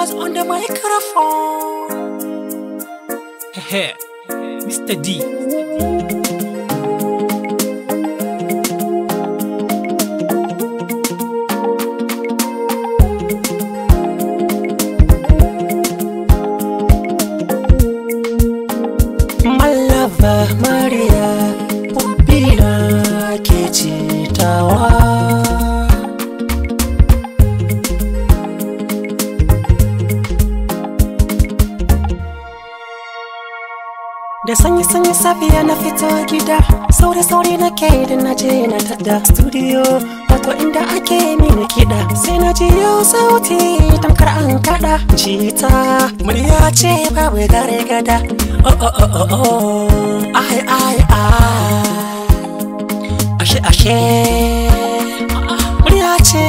Jonas on the microphone. Hehe, Mr. D. Maria, Pupila, upina kichitawa da sanyi sanyi safiya na fito gida sauri sauri na ke da na je na tada studio wato inda ake mini kiɗa sai na ji yau sauti tamkar an kaɗa jita murya ce babu gare gada oh oh oh oh oh ai ai ai ashe ashe murya ce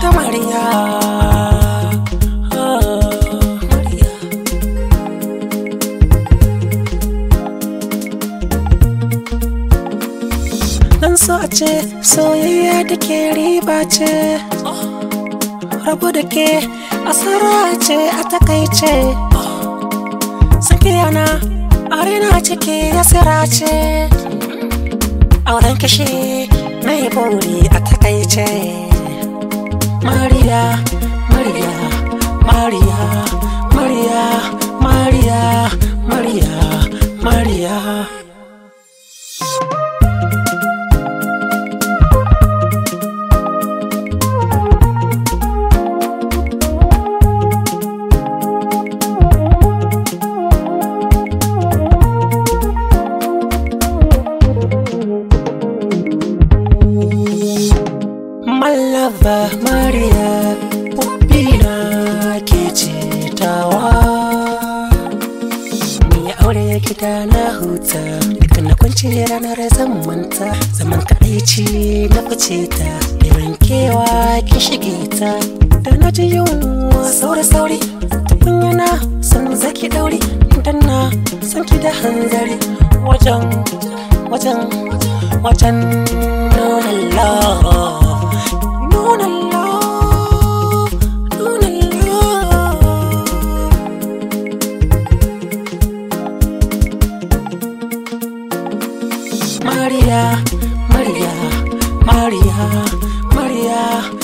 ta mariya bache soyayya da ke riba ce rabu da ke asara ce a takaice sakiyana arena ciki yasira ce auren kishi mai buri a takaice abba mariya kuɗina ke cetawa ni ya aure ya gida na huta duk na kwanci ranar zan manta zaman kadaici na Wajang Wajang Wajang Wajang Wajang Wajang Wajang da na ji yunwa sauri sauri Wajang Wajang san zaki dauri Wajang na san ki da hanzari wajen wajen wajen Wajang 머리야 머리야 머리야 머리야